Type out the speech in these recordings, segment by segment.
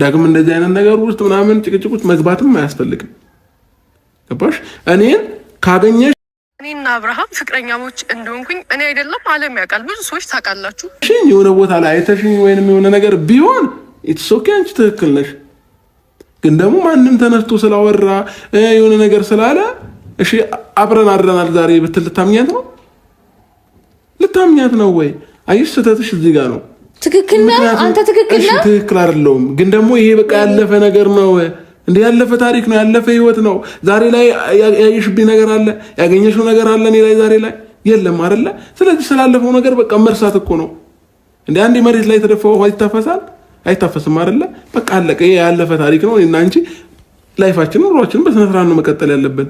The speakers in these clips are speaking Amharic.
ዳግም እንደዚህ አይነት ነገር ውስጥ ምናምን ጭቅጭቅ ውስጥ መግባትም አያስፈልግም። ገባሽ? እኔን ካገኘሽ እኔና አብርሃም ፍቅረኛሞች እንደሆንኩኝ እኔ አይደለም ዓለም ያውቃል፣ ብዙ ሰዎች ታውቃላችሁ። የሆነ ቦታ ላይ አይተሽኝ ወይንም የሆነ ነገር ቢሆን ኢትስ ኦኬ፣ አንቺ ትክክል ነሽ። ግን ደግሞ ማንም ተነስቶ ስላወራ የሆነ ነገር ስላለ እሺ አብረን አድረናል ዛሬ ብትል ልታምኛት ነው ልታምኛት ነው ወይ? አየሽ፣ ስህተትሽ እዚህ ጋር ነው። ትክክል ነህ አንተ ትክክል ትክክል አይደለሁም ግን ደግሞ ይሄ በቃ ያለፈ ነገር ነው እንደ ያለፈ ታሪክ ነው ያለፈ ህይወት ነው። ዛሬ ላይ ያየሽብኝ ነገር አለ ያገኘሽው ነገር አለ እኔ ላይ ዛሬ ላይ የለም አይደለ። ስለዚህ ስላለፈው ነገር በቃ መርሳት እኮ ነው። እንደ አንድ መሬት ላይ የተደፋ ውሃ ይታፈሳል አይታፈስም አይደለ። በቃ አለቀ። ይሄ ያለፈ ታሪክ ነው። እና አንቺ ላይፋችንን ኑሯችንን በስነ ስርዓት ነው መቀጠል ያለብን።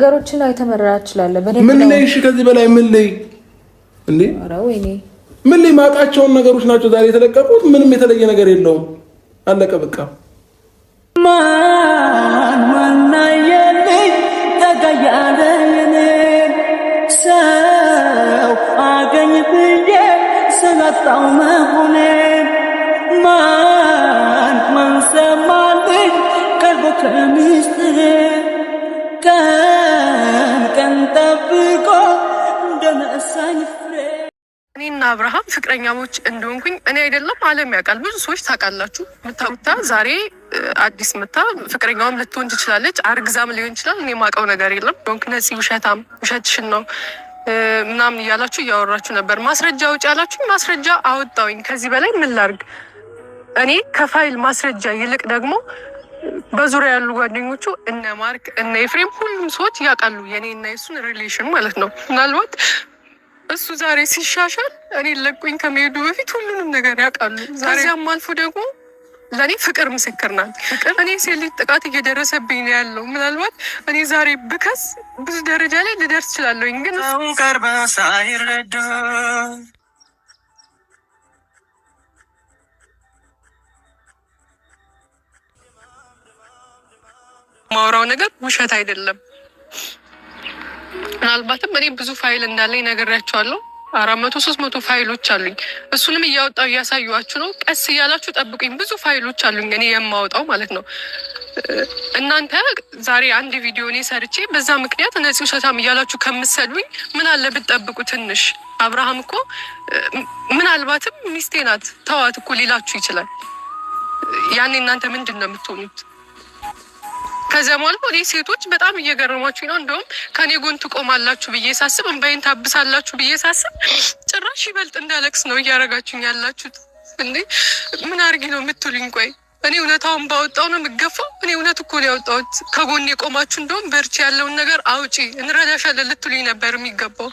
ነገሮችን አይተመራ ይችላል። ምን ላይ እሺ፣ ከዚህ በላይ ምን ላይ እንዴ? ምን ላይ ማውቃቸውን ነገሮች ናቸው ዛሬ የተለቀቁት። ምንም የተለየ ነገር የለውም። አለቀ በቃ። ከሚስት ቀን ቀን ጠብቆ እንደነሳኝ እኔና አብርሃም ፍቅረኛሞች እንደሆንኩኝ እኔ አይደለም ዓለም ያውቃል። ብዙ ሰዎች ታውቃላችሁ። ምታውታ ዛሬ አዲስ ምታ ፍቅረኛውም ልትሆን ትችላለች። አርግዛም ሊሆን ይችላል። እኔ የማውቀው ነገር የለም። ሆንክ ነፂ ውሸታም ውሸትሽን ነው ምናምን እያላችሁ እያወራችሁ ነበር። ማስረጃ ውጭ ያላችሁ ማስረጃ አወጣውኝ። ከዚህ በላይ ምን ላርግ? እኔ ከፋይል ማስረጃ ይልቅ ደግሞ በዙሪያ ያሉ ጓደኞቹ እነ ማርክ እነ ኤፍሬም ሁሉም ሰዎች ያውቃሉ የኔ እና የሱን ሪሌሽን ማለት ነው። ምናልባት እሱ ዛሬ ሲሻሻል እኔ ለቁኝ ከመሄዱ በፊት ሁሉንም ነገር ያውቃሉ። ከዚያም አልፎ ደግሞ ለእኔ ፍቅር ምስክር ናት። እኔ ሴት ልጅ ጥቃት እየደረሰብኝ ነው ያለው። ምናልባት እኔ ዛሬ ብከስ ብዙ ደረጃ ላይ ልደርስ እችላለሁኝ፣ ግን አሁን ቀርበ ሳይረዳ ማውራው ነገር ውሸት አይደለም። ምናልባትም እኔ ብዙ ፋይል እንዳለኝ ነግሬያቸዋለሁ። አራት መቶ ሶስት መቶ ፋይሎች አሉኝ። እሱንም እያወጣው እያሳዩዋችሁ ነው። ቀስ እያላችሁ ጠብቁኝ። ብዙ ፋይሎች አሉኝ እኔ የማወጣው ማለት ነው። እናንተ ዛሬ አንድ ቪዲዮ እኔ ሰርቼ በዛ ምክንያት ነፂ ውሸታም እያላችሁ ከምትሰዱኝ ምን አለ ብትጠብቁ ትንሽ። አብርሃም እኮ ምናልባትም ሚስቴ ናት ተዋት እኮ ሌላችሁ ይችላል። ያኔ እናንተ ምንድን ነው የምትሆኑት? ከዚያ አልፎ እኔ ሴቶች በጣም እየገረማችሁ ነው። እንደውም ከኔ ጎን ትቆማላችሁ ብዬ ሳስብ፣ እንባይን ታብሳላችሁ ብዬ ሳስብ፣ ጭራሽ ይበልጥ እንዳለቅስ ነው እያረጋችሁኝ ያላችሁት። እንዴ ምን አርጊ ነው የምትሉኝ? ቆይ እኔ እውነታውን ባወጣው ነው የምገፋው። እኔ እውነት እኮ ነው ያወጣሁት። ከጎን የቆማችሁ እንደውም በርቺ፣ ያለውን ነገር አውጪ፣ እንረዳሻለን ልትሉኝ ነበር የሚገባው